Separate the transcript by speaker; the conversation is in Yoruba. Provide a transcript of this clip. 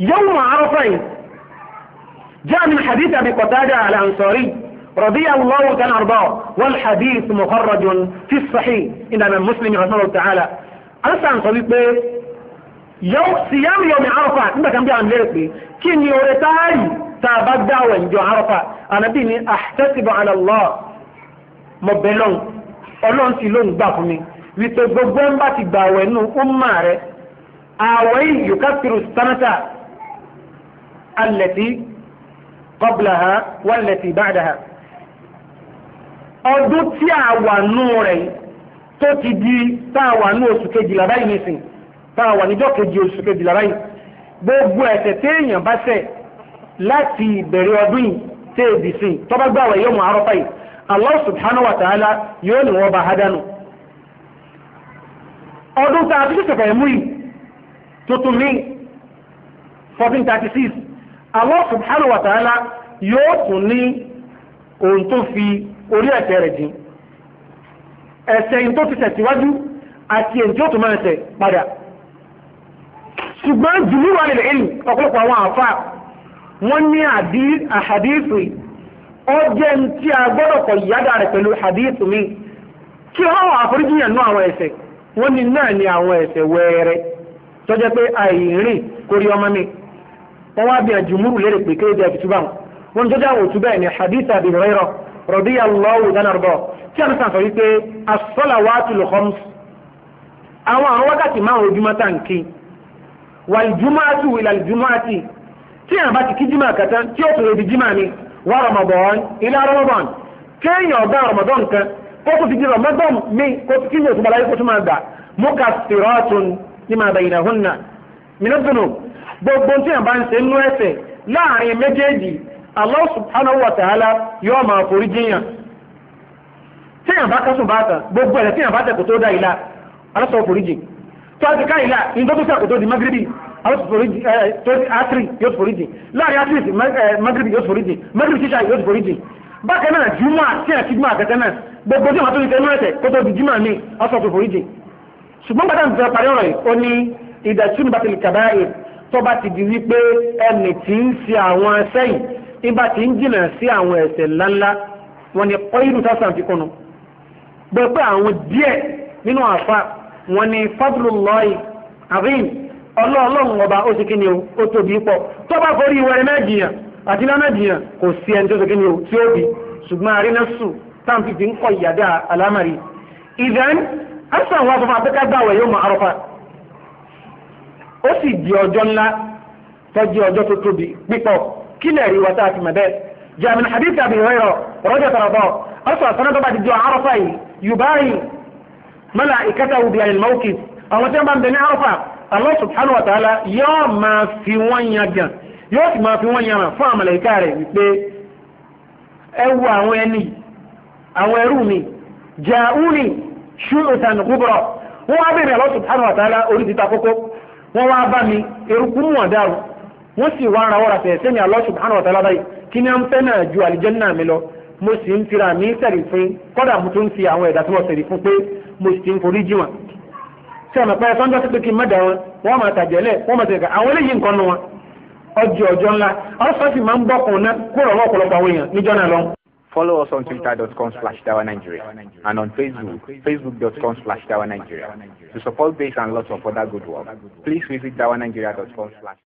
Speaker 1: يوم عرفين جاء من حديث أبي قتادة الأنصاري رضي الله تعالى أرضاه والحديث مخرج في الصحيح إن من مسلم رحمه الله تعالى أنسان صديق يوم صيام يوم عرفة إنما كان بيعمل ليك كن يورتاي تابد وإن جو عرفة أنا بني أحتسب على الله مبلون ọlọ́run sì ló ń gbà fún mi wípé gbogbo ń bá ti gbà àwẹ̀ nù ó mà rẹ̀ àwẹ̀ yìí yòókà pírò sánátà التي قبلها والتي بعدها ọdún tí a wà nù rẹ̀ tó ti di tá a wà nù oṣù kejìlá báyìí nìsín tá a wà níjọ́ kejì oṣù kejìlá báyìí gbogbo ẹ̀ṣẹ̀ téèyàn bá ṣẹ̀ láti ìbẹ̀rẹ̀ ọdún yìí tẹ́ èdè sí tó bá yóò mú arọ́fà yìí Allah subhanahu wa ta'ala yóò ní wọ́n bá hádánù ọdún tá a fi ṣẹ̀fẹ̀ mú yìí tuntun ní 1436 Allah subhanahu wa ta'ala yóò tún ní ohun tó fi orí ẹ̀ṣẹ̀ rẹ̀ dín yìí tó ti tẹ̀síwájú àti èyí tó tún máa tẹ̀ padà ṣùgbọ́n jùlúwà nílẹ̀ ìlú ọ̀pọ̀lọpọ̀ àwọn àfa wọ́n ní ó jẹ́ tí a gbọ́dọ̀ kọ̀ yádà rẹ̀ pẹ̀lú àhàdíìsì mi kí wọ́n wà àwọn wọ́n ní náà ní àwọn wẹ́ẹ́rẹ́ pé àìrìn wọn wá bí àjùmúrù lérè pé kéde jẹ́ ìtúbà wọn wọn jọjọ àwọn òtún bẹ́ẹ̀ ni hadith abi hurairah radiyallahu dánarọ̀bọ̀ tí a ní sàn sọ wípé as-salawatul khams àwọn àwọn wákàtí márùn ojúmọ́ tá n kí wàlìjúmọ́tù ìlàlìjúmọ́tì tí a bá ti kí jimá kàtá tí ó tòrò di jimá ni wà ramadan ilá ramadan kéèyàn ọ̀gá ramadan kan kó tó fi di ramadan mi kó tó kíyàn tó balaye kó tó máa gbà mú ka ní máa bẹ̀yìn náà náà mìíràn dùnú gbogbo tí yàn bá ń ṣe nú ẹ̀ṣẹ̀ láàrin méjèèjì Allah subhanahu wa ta'ala yóò máa forí jiyàn tí yàn bá kásùn bá tà gbogbo ẹ̀ṣẹ̀ tí yàn bá tẹ̀kọ̀ tó dá ìlà alásọ̀ forí jì tó a ti ká ìlà ìjọ tó tẹ̀kọ̀ tó di magrebi alásọ̀ forí jì tó di atri yóò forí jì láàrin atri magrebi yóò forí jì magrebi ṣíṣà yóò forí jì bákan náà jùmọ̀ tí yàn kíjùmọ̀ àkẹ́tẹ́ náà gbogbo tí yàn tó ti tẹ̀ nú ẹ̀ṣẹ̀ kó tó di jùmọ̀ mi alásọ̀ forí jì ṣùgbọ́n gbàdá tó bá ti di wípé ẹnì tí ń ṣe àwọn ẹ̀ṣẹ̀ yìí nígbà tí ń jìnnà sí àwọn ẹ̀ṣẹ̀ ńláńlá wọn ni kọ́yìnú sásàn fi kùnú gbé àwọn díẹ̀ nínú àfa wọn ni fadlullahi azim ọlọ́ọ̀lọ́run ọba ó ti kíni o ó tóbi pọ̀ tó bá forí ìwẹ̀rẹ̀ náà àti náà náà kò sí ẹni tó ti kíni o tí ó bì ṣùgbọ́n àrínà ó sì di ọjọ́ ńlá tọ́jú ọjọ́ tó tóbi pípọ̀ kí lè rí wa tá a ti mọ̀ bẹ́ẹ̀ jaamin hadith ọ hurairah rọ́jà tàràbọ̀ ọ̀sọ̀ àtúnná tó bá ti jọ àrọ́fà yìí yubayi mọ́là ìkẹta òbí àyìn mọ́kì àwọn tí wọ́n bá ta'ala yóò máa fi wọ́n yan gan yóò sì fi wọ́n yan fún rẹ̀ wípé ẹ àwọn ẹni àwọn ẹrú mi á bèèrè wọ́n wá bá mi eruku mú ọ̀daràn wọ́n sì wá ara wọ́ra fẹ̀ sẹ́mi Allah subhanahu wa ta'ala báyìí kí ni à ń fẹ́ náà ju àlìjẹ́nnà mi lọ mo sì ń fira mi fún kọ́dà mo tún fi àwọn ẹ̀dá tí wọ́n fún pé n má dà wọn wọ́n máa tàjẹ́lẹ̀ wọ́n máa tẹ̀ka àwọn eléyìí nǹkan nu wọn ọjọ́ ọjọ́ ńlá Follow us on twitter.com slash Tower Nigeria and on Facebook, facebook.com slash Tower Nigeria. To support this and lots of other good work, please visit dawanigeria.com slash